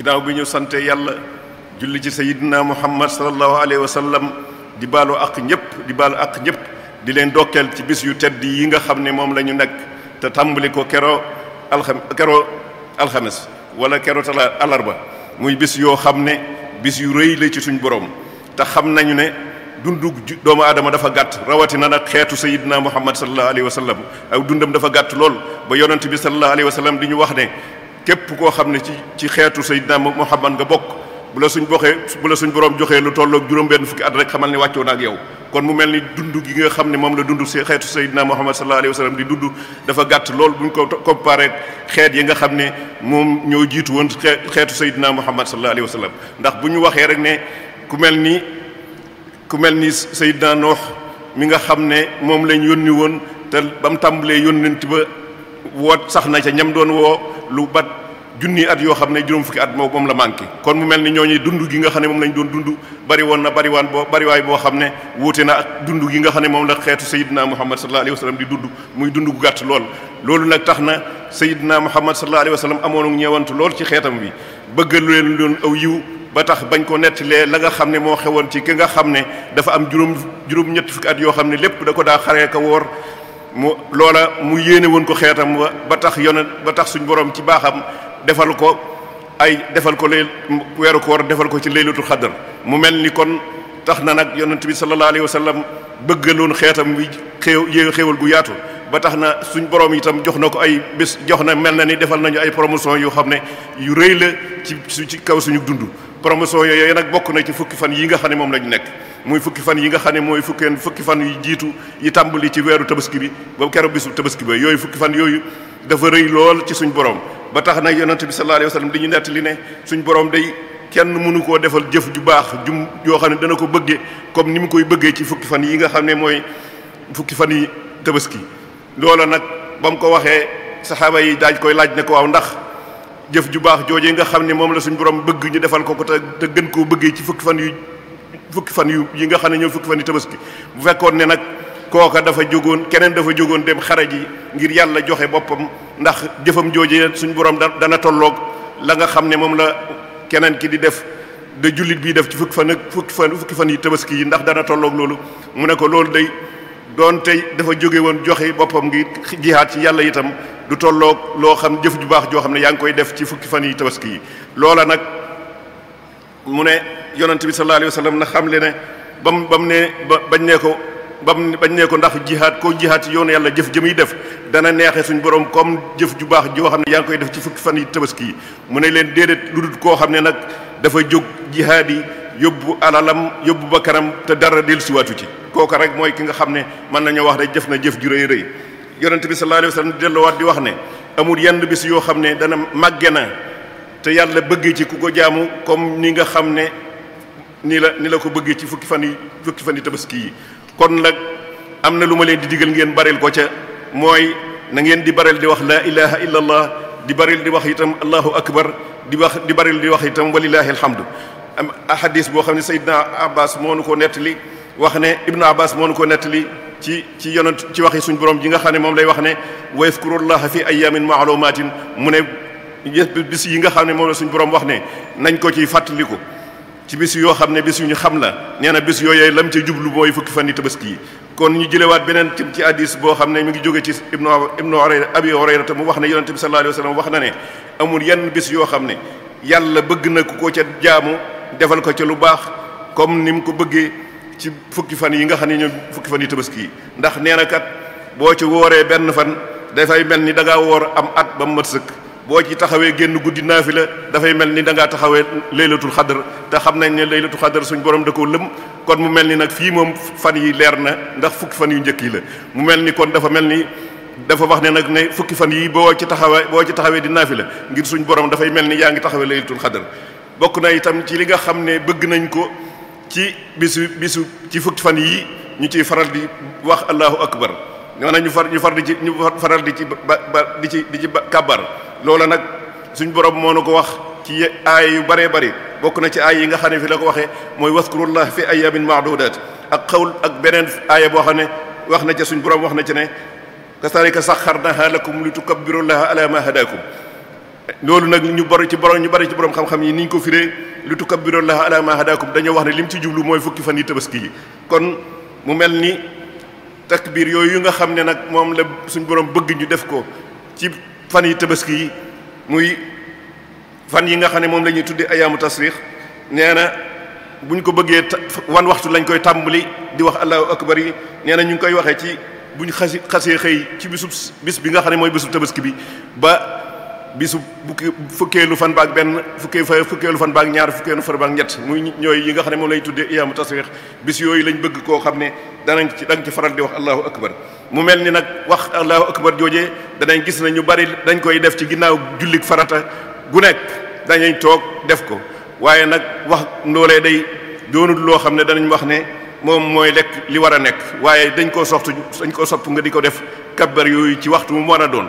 ginnaaw bi ñu sante yàlla julli ci sayidina muhammad sallallahu alayhi wa sallam di baalu ak ñëpp di baalu ak ñëpp di leen dokkeel ci bis yu tedd yi nga xam ne moom la ñu nekk te tàmbali ko kero alxam kero alxames wala kero tala alarba muy bis yoo xam ne bis yu rëy la ci suñ borom te xam nañu ne dundug doomu adama dafa gàtt rawatina nag xeetu sayidina muhammad sallallahu alayhi wa sallam aw dundam dafa gàtt lool ba yonent bi sallallahu alayhi wa sallam di ñu wax ne képp koo xam ne ci ci xeetu Seydina Muhammad nga bokk bu la suñ boxee bu la suñ borom joxee lu tolloog juróom-benn fukki at rek xamal ne wàccoo na ak yow kon mu mel ni dund gi nga xam ne moom la dund see xeetu Seydina Muhammad sallallahu alayhi wa sallam di dund dafa gàtt lool bu ñu ko comparé xeet yi nga xam ne moom ñoo jiitu woon xeetu Seydina Muhammad sallallahu alayhi wa sallam ndax bu ñu waxee rek ne ku mel ni ku mel ni Seydina Noox mi nga xam ne moom lañ yónni woon te ba mu tàmbalee yónnent ba woot sax na ca ñam doon woo lu bat junni at yoo xam ne juróom fukki at moom la manqué kon mu mel ni ñooñu dund gi nga xam ne moom lañ doon dund bari woon na bari waan boo bariwaay boo xam ne wuute ak dund gi nga xam ne moom la xeetu sayidina muhammad sallallahu alayhi wa sallam di dund muy dund gu gàtt lool loolu nag tax na sayidina muhammad sallallahu alayhi wa sallam amoon ñeewantu lool ci xeetam bi bëgg lu leen doon aw yiw ba tax bañ ko nettalee la nga xam ne moo xewoon ci ki nga xam ne dafa am juróom juróom ñetti fukki at yoo xam ne lépp da ko daa xaree ka woor mu loola mu yéene woon ko xeetam ba tax yonent ba tax suñ borom ci baaxam defal ko ay defal ko lay weeru koor defal ko ci laylatul xadar mu mel ni kon tax na nag yonent bi sallallahu alayhi wa sallam bëggaloon xeetam wi xew yéen xéewal gu yaatu ba tax na suñ borom tam jox na ko ay bés jox na mel na ni defal nañu ay promotion yoo xam ne yu rëy la ci su ci kaw suñu dund promotion yooyu nag bokk na ci fukki fan yi nga xam ne moom lañu nekk muy fukki fan yi nga xam ne mooy fukki fukki fan yi jiitu yi tàmbali ci weeru tabaski bi ba keroog tabaski ba yooyu fukki fan yooyu dafa rëy lool ci suñu borom ba tax na yonent bi sallallahu alayhi wa sallam di ñu nettali ne suñu borom day kenn mënu koo defal jëf ju baax jum yoo xam ne dana ko bëggee comme ni mu koy bëggee ci fukki fan yi nga xam ne mooy fukki fan yi tabaski loola nag ba mu ko waxee saxaaba yi daaj koy laaj ne ko waaw ndax jëf ju baax joojee nga xam ne moom la suñu borom bëgg ñu defal ko ko te gën koo bëggee ci fukki fan yu fukki fan yu yi nga xam ne ñoo fukki fan yu tabaski bu fekkoon ne nag kooka dafa jógoon keneen dafa jógoon dem xare ji ngir yàlla joxe boppam ndax jëfam jooje suñ borom dana tolloog la nga xam ne moom la keneen ki di def de jullit bii def ci fukki fan ak fukki fan yi tabaski yi ndax dana tolloog mu ne ko loolu day doon tey dafa jóge woon joxe boppam ngir jihaat ci yàlla itam du tolloog loo xam jëf ju baax joo xam ne yaa ngi koy def ci fukki fan yi tabaski yi loola nag mu ne yonent bi sallallahu wa sallam na xam le ne bam bam ne bañ ne ko ba mu bañ ne ko ndax jihaat koo jihaat ci yoonu yàlla jëf jëm yi def dana neexee suñ boroom comme jëf ju baax joo xam ne yaa ngi koy def ci fukki fan yi tabaski yi mu ne leen déedéet lu dul koo xam ne nag dafa jóg jihaat yi yóbbu alalam yóbbu bakkanam te dara dellusiwaatu ci kooku rek mooy ki nga xam ne mën nañoo wax rek jëf na jëf ju rëy rëy yonente bi sallallahu alayhi wasallam delluwaat di wax ne amul yenn bis yoo xam ne dana màgge na te yàlla bëgg ci ku ko jaamu comme ni nga xam ne ni la ni la ko bëggee ci fukki fan yi fukki fan yi yi kon nag am na lu ma leen di digal ngeen baril ko ca mooy na ngeen di bareel di wax laa ilaha illa allah di baril di wax itam allahu akbar di wax di baril di wax itam walilahi alhamdu am ahadis boo xam ne sayidna abbas moo nu ko nettali wax ne ibnu abbas moo nu ko nettali ci ci yonent ci waxi suñu borom ji nga xam ne moom lay wax ne wa yadkurullaha fi ayamin maalumatin mu ne bis yi nga xam ne moom la suñ borom wax ne nañ ko ciy fàttaliku ci bis yoo xam ne bis yu ñu xam la nee na bis yooyee lam ci jublu mooy fukki fan yi tabaski yi kon ñu jëlewaat beneen tim ci hadis boo xam ne mu ngi jóge ci ibnu ibnu orayra abi orayrata mu wax ne yonente bi sallallahu alayhi wa sallam wax na ne amul yenn bis yoo xam ne yàlla bëgg na ku ko ca jaamu defal ko ca lu baax comme ni mu ko bëggee ci fukki fan yi nga xam ne fukki fan yi tabaski ndax nee na kat boo ci wooree benn fan dafay mel ni da ngaa woor am at ba mu mat boo ci taxawee génn guddi la dafay mel ni da ngaa taxawee laylatul xadar te xam nañ ne laylatul xadar suñ borom da koo lëm kon mu mel ni nag fii moom fan yi leer na ndax fukki fan yu njëkk yi la mu mel ni kon dafa mel ni dafa wax ne nag ne fukki fan yii boo ci taxawee boo ci taxawee di la ngir suñ borom dafay mel ni yaa ngi taxawee laylatul xadar bokk na itam ci li nga xam ne bëgg nañ ko ci bisu bisu ci fukki fan yii ñu ciy faral di wax allahu akbar maanaam ñu far ñu far di ci ñu faral di ci ba di ci di ci kàbbar loola nag suñ borom moo na ko wax ci aay yu bëree bëri bokk na ci aay yi nga xam ne fi la ko waxee mooy waskurullah fi ayamin maadudat ak xawul ak beneen aaya boo xam ne wax na ca suñ borom wax na ci ne kasaalika saxarnaha lakum li tukabbirullaha ala ma hadakum loolu nag ñu bari ci borom ñu bari ci borom xam yi ni ñu ko firee li tukabbirullaha ala ma hadakum dañoo wax ne lim ci jublu mooy fukki fan yi tabaski yi kon mu mel ni takbir yooyu nga xam ne nag moom la suñ boroom bëgg ñu def ko ci fan yi tabaski yi muy fan yi nga xam ne moom la ñuy tuddee ayaamu tasriix nee na bu ñu ko bëggee wan waxtu lañ koy tàmbali di wax allahu akbar yi nee na ñu ngi koy waxee ci bu ñu xas xasee xëy ci bisub bis bi nga xam ne mooy bisub tabaski bi ba bisu bukki fukkeelu fan baak benn fukkee fa fukkeelu fan baak ñaar fukkeelu fan baak ñett muy ñooy yi nga xam ne moom lay tuddee iyaamu taswix bis yooyu lañu bëgg koo xam ne danañ ci danga ci faral di wax allahu akbar mu mel ni nag wax allahu akbar joojee danañ gis na ñu bari dañ koy def ci ginnaaw jullik farata gu nekk dañuy toog def ko waaye nag wax ndoolee day doonul loo xam ne danañ wax ne moom mooy lekk li war a nekk waaye dañ koo soxtu dañ koo sopp nga di ko def kabbar yooyu ci waxtu mu war a doon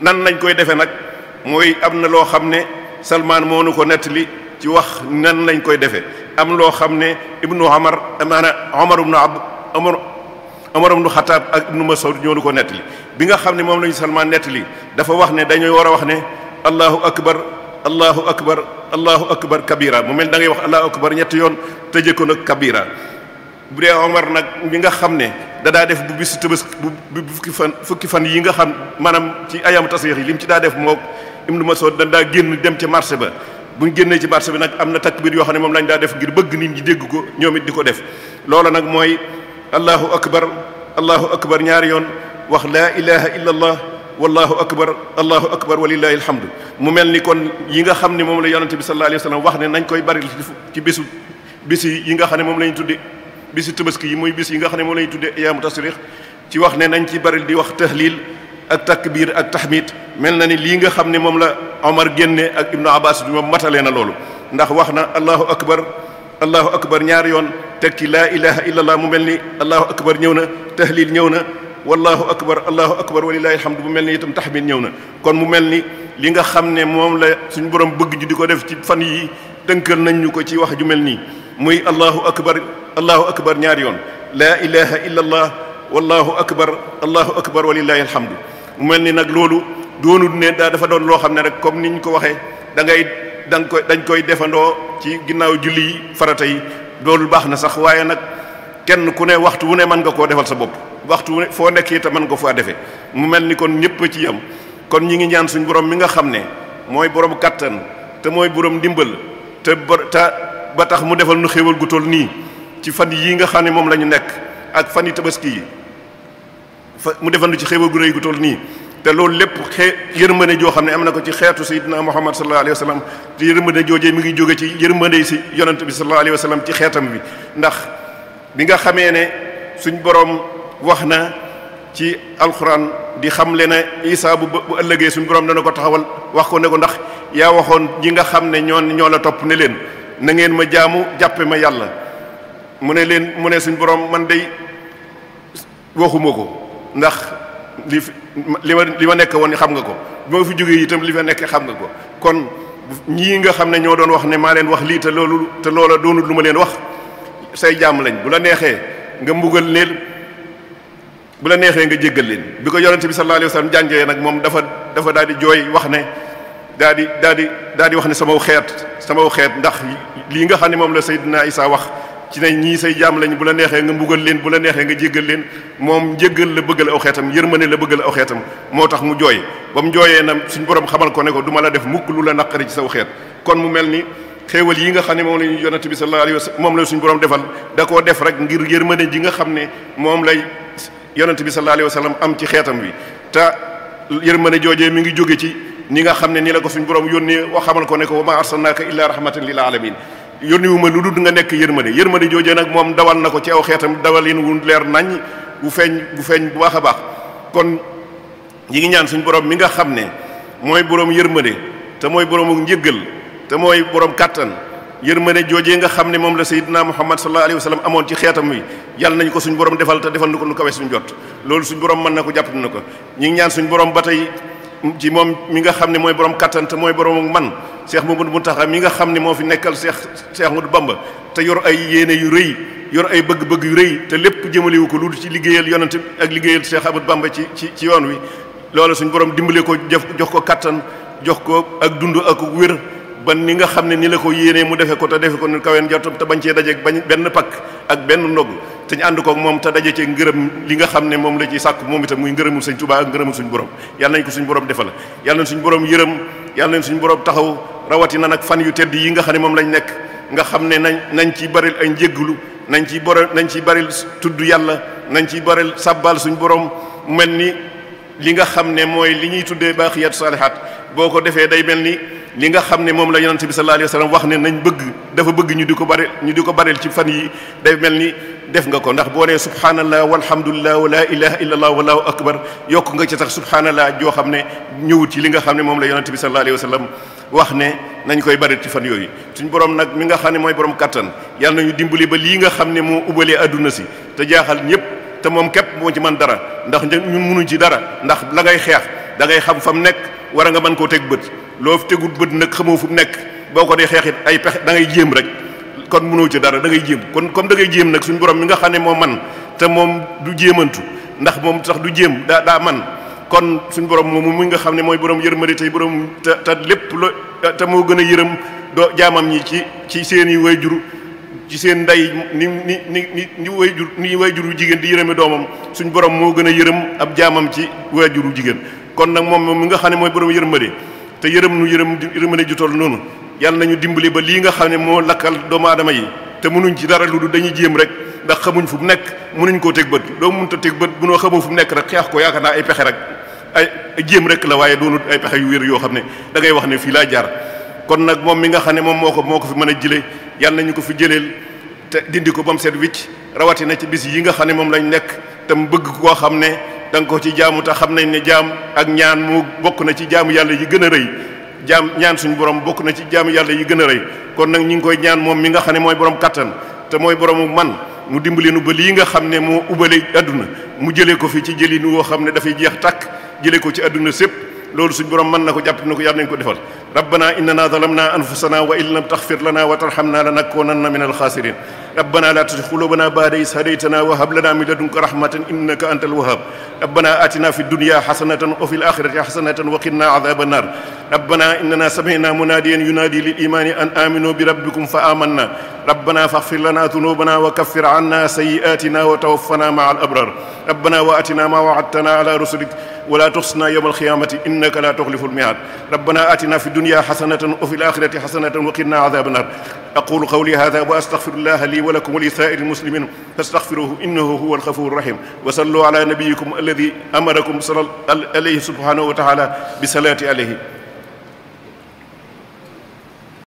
nan lañ koy defee nag mooy am na loo xam ne Salmaan moo nu ko nettali ci wax nan lañ koy defee am loo xam ne ibnu amar maanaam Omar ibnu Abd Omar Omar ibnu Xataab ak ibnu Mas'ud ñoo nu ko nettali bi nga xam ne moom lañu Salmaan nettali dafa wax ne dañooy war a wax ne allahu akbar allahu akbar allahu akbar kabira mu mel da ngay wax allahu akbar ñetti yoon tëjee ko nag kabira bu dee Omar nag mi nga xam ne da daa def bu bisu tëbës bu fukki fan fukki fan yi nga xam maanaam ci ayam tasix yi li ci daa def moo Ibnu Mas'ud da daa génn dem ca marché ba bu ñu génnee ci marché bi nag am na takbir yoo xam ne moom lañ daa def ngir bëgg nit ñi dégg ko ñoom di ko def loola nag mooy allahu akbar allahu akbar ñaari yoon wax laa ilaha illa allah wallahu akbar allahu akbar walillahi alhamdu mu mel ni kon yi nga xam ni moom la yonente bi sallallahu alayhi wa wax ne nañ koy bari ci bésu bési yi nga xam ne moom la ñu tudde bis tabaski yi mooy bis yi nga xam ne moom lañuy tuddee ayaamu tasrix ci wax ne nañ ci bari di wax tahlil ak takbir ak tahmid mel na ni lii nga xam ne moom la Omar génne ak Ibnu Abbas bi moom matalee na loolu ndax wax na allahu akbar allahu akbar ñaari yoon teg ci laa ilaha illallah mu mel ni allahu akbar ñëw na tahlil ñëw na wallahu akbar allahu akbar walilahi alhamdu mu mel ni itam tahmid ñëw na kon mu mel ni li nga xam ne moom la suñu borom bëgg ju di ko def ci fan yi dënkal nañ ñu ko ci wax ju mel nii muy allahu akbar allahu akbar ñaari yoon laa ilaha illa allah wallahu akbar allahu akbar walillahi alhamdu mu mel ni nag loolu doonul ne daa dafa doon loo xam ne rek comme ni ñu ko waxee da ngay da dañ koy defandoo ci ginnaaw julli yi farata yi loolu baax na sax waaye nag kenn ku ne waxtu wu ne mën nga koo defal sa bopp waxtu wu ne foo nekk itam mën nga faa defee mu mel ni kon ñëpp ci yem kon ñi ngi ñaan suñu borom mi nga xam ne mooy borom kattan te mooy borom ndimbal te ba ba tax mu defal nu xéwal gu toll nii. ci fan yii nga xam ne moom lañu nekk ak fan yi tabaski yi fa mu defandu ci xéewal gu rëy gu toll nii te loolu lépp xee yërmande joo xam ne am na ko ci xeetu sayyidina Muhammad sallallahu alayhi wa sallam te yërmande joojee mi ngi jóge ci yërmande si yonent bi sallallahu alayhi wa ci xeetam bi ndax bi nga xamee ne suñ borom wax na ci alxuraan di xam leen ne isaa bu bu ëllëgee suñ borom dana ko taxawal wax ko ne ko ndax yaa waxoon ji nga xam ne ñoo ñoo la topp ne leen na ngeen ma jaamu jàppe ma yàlla mu ne leen mu ne suñ boroom man day waxuma ko ndax li li ma li ma nekk woon xam nga ko bi ma fi jógee itam li fa nekk xam nga ko kon ñii nga xam ne ñoo doon wax ne maa leen wax lii te loolu te loola doonul lu ma leen wax say jàmm lañ bu la neexee nga mbugal leen bu la neexee nga jéggal leen bi ko yonente bi sallallahu alayhi wa sallam jàngee nag moom dafa dafa daal di jooy wax ne daal di daal daal di wax ne samaw xeet samaw xeet ndax lii nga xam ne moom la Seydina Isa wax ci ne ñii say jaam lañ bu la neexee nga mbugal leen bu la neexee nga jéggal leen moom njéggal la bëggal aw xeetam yërmande la bëggal aw xeetam moo tax mu jooy ba mu jooyee na borom xamal ko ne ko du la def mukk lu la naqari ci saw xeet kon mu mel ni xéewal yi nga xam ne moom la ñu yonent bi sallallahu alayhi wa sallam moom la suñu borom defal da koo def rek ngir yërmande ji nga xam ne moom lay yonent bi sallallahu alayhi wa sallam am ci xeetam wi te yërmande joojee mi ngi jóge ci ni nga xam ne ni la ko suñu borom yónnee wax xamal ko ne ko wa ma arsalnaaka illa rahmatan lil alamin yónniwuma lu dul nga nekk yërmande yërmande joojee nag moom dawal na ko ci aw xeetam dawalin wu leer nañ bu feeñ bu feeñ bu baax a baax kon ñi ngi ñaan suñu borom mi nga xam ne mooy borom yërmande te mooy boroomu njëggal te mooy borom kàttan yërmande joojee nga xam ne moom la sayyidina muhammad sa alayhi wa sallam amoon ci xeetam wi yàlla nañ ko suñu borom defal te defal na ko lu kawe suñu jot loolu suñu borom mën na ko jàpp na ko ñi ngi ñaan suñu borom ba tey ji moom mi nga xam ne mooy borom kattan te mooy borom man Cheikh Mamadou Mountakha mi nga xam ne moo fi nekkal seex Cheikh Ahmadou Bamba te yor ay yéene yu rëy yor ay bëgg-bëgg yu rëy te lépp jëmalewu ko lu ci liggéeyal yonent ak liggéeyal Cheikh Ahmadou Bamba ci ci ci yoon wi loolu suñ borom dimbale ko jox ko kattan jox ko ak dund ak wér ba ni nga xam ne ni la ko yéenee mu defee ko te defe ko nu kaween njortam te bañ cee daje bañ benn pakk ak benn ndog te ñu ànd kook moom te daje ci ngërëm li nga xam ne moom la ci sàkk moom itam muy ngërëmul sëñ Tuubaa ak ngërëmul suñu borom yàlla nañ ko suñu borom defal yàlla nañ suñu yërëm yàlla suñu borom taxaw rawatina nag fan yu tedd yi nga xam ne moom lañ nekk nga xam ne nañ nañ ciy baril ay njégglu nañ ci bor nañ ciy baril tudd yàlla nañ ciy baril sàbbaal suñu borom mel ni li nga xam ne mooy li ñuy tuddee baaxiyaatu saalihaat boo ko defee day mel ni li nga xam ne moom la yonent bi sallallahu alayhi wasallam wax ne nañ bëgg dafa bëgg ñu di ko bare ñu di ko bareel ci fan yi day mel ni def nga ko ndax boo nee subhanallah walhamdulillah wa la ilaha illallah wallahu akbar yokk nga ci sax subhanallah joo xam ne ñëwut ci li nga xam ne moom la yonent bi sallallahu alayhi wasallam wax ne nañ koy bari ci fan yooyu suñ borom nag mi nga xam ne mooy borom kattan yàlla nañu dimbali ba lii nga xam ne moo ubalee àdduna si te jaaxal ñëpp te moom képp boo ci man dara ndax ñun munuñ ci dara ndax la ngay xeex dangay xam fa mu nekk war a nga mën koo teg bët loo tegul bët nag xamoo fu mu nekk boo ko dee xeex ay pexe da ngay jéem rek kon munoo ci dara da ngay jéem kon comme dangay ngay jéem nag suñu borom mi nga xam ne moo man te moom du jéemantu ndax moom sax du jéem daa daa man kon suñu borom moomu mi nga xam ne mooy borom yërmande tey borom te te lépp loo te moo gën a yërëm doo jaamam ñi ci ci seen i wayjur ci seen ndey ni ni ni ni ni wayjur ni wayjuru jigéen di yërëme doomam suñ borom moo gën a yërëm ab jaamam ci wayjuru jigéen kon nag moom moom mu nga xam ne mooy borom yërmande te yërëm nu yërëm yërmande ju toll noonu yàlla nañu dimbali ba lii nga xam ne moo lakkal doomu aadama yi te mënuñ ci dara lu dul dañuy jéem rek ndax xamuñ fu mu nekk mënuñ koo teg bët doo mënut a teg bët bu noo xamoo fu mu nekk rek xeex ko yaakaar naa ay pexe rek ay jéem rek la waaye doonut ay pexe yu wér yoo xam ne da ngay wax ne fii laa jaar kon nag moom mi nga xam ne moom moo ko moo ko fi mën a jëlee yal nañu ko fi jëleel te dindi ko ba mu set wicc rawatina ci bis yi nga xam ne moom lañ nekk te mu bëgg koo xam ne danga ko ci jaamu te xam nañ ne jaam ak ñaan mu bokk na ci jaamu yàlla yi gën a rëy jaam ñaan suñu borom bokk na ci jaamu yàlla yi gën a rëy kon nag ñu ngi koy ñaan moom mi nga xam ne mooy borom kattan te mooy boromu man mu dimbali nu ba lii nga xam ne moo ubale àdduna mu jëlee ko fi ci jëlin woo xam ne dafay jeex tàkk jëlee ko ci àdduna sépp loolu suñ borom mën na ko jàpp na ko yàlla nañ ko defal rabbana innana zalamna anfusana wa in lam taxfir lana wa tarxamna lanakunanna min alxaasirin rabbana la tusi xulubana baada is hadaytana wa hab lana min ladunka rahmatan innaka anta alwahab rabbana atina fi dunia xasanatan wa fi alaxirati xasanatan wa qina adaba annar rabbana innana samina munadiyan yunadi lil imani an aminu bi rabbikum fa amanna rabbana faxfir lana dunubana wa kaffir anna sayiatina wa tawaffana maa al abrar rabbana wa atina ma waadtana ala rusulik ولا تخصنا يوم القيامة إنك لا تخلف الميعاد ربنا آتنا في الدنيا حسنة وفي الآخرة حسنة وقنا عذاب النار أقول قولي هذا وأستغفر الله لي ولكم ولسائر المسلمين فاستغفروه إنه هو الغفور الرحيم وصلوا على نبيكم الذي أمركم صلى عليه سبحانه وتعالى بصلاة عليه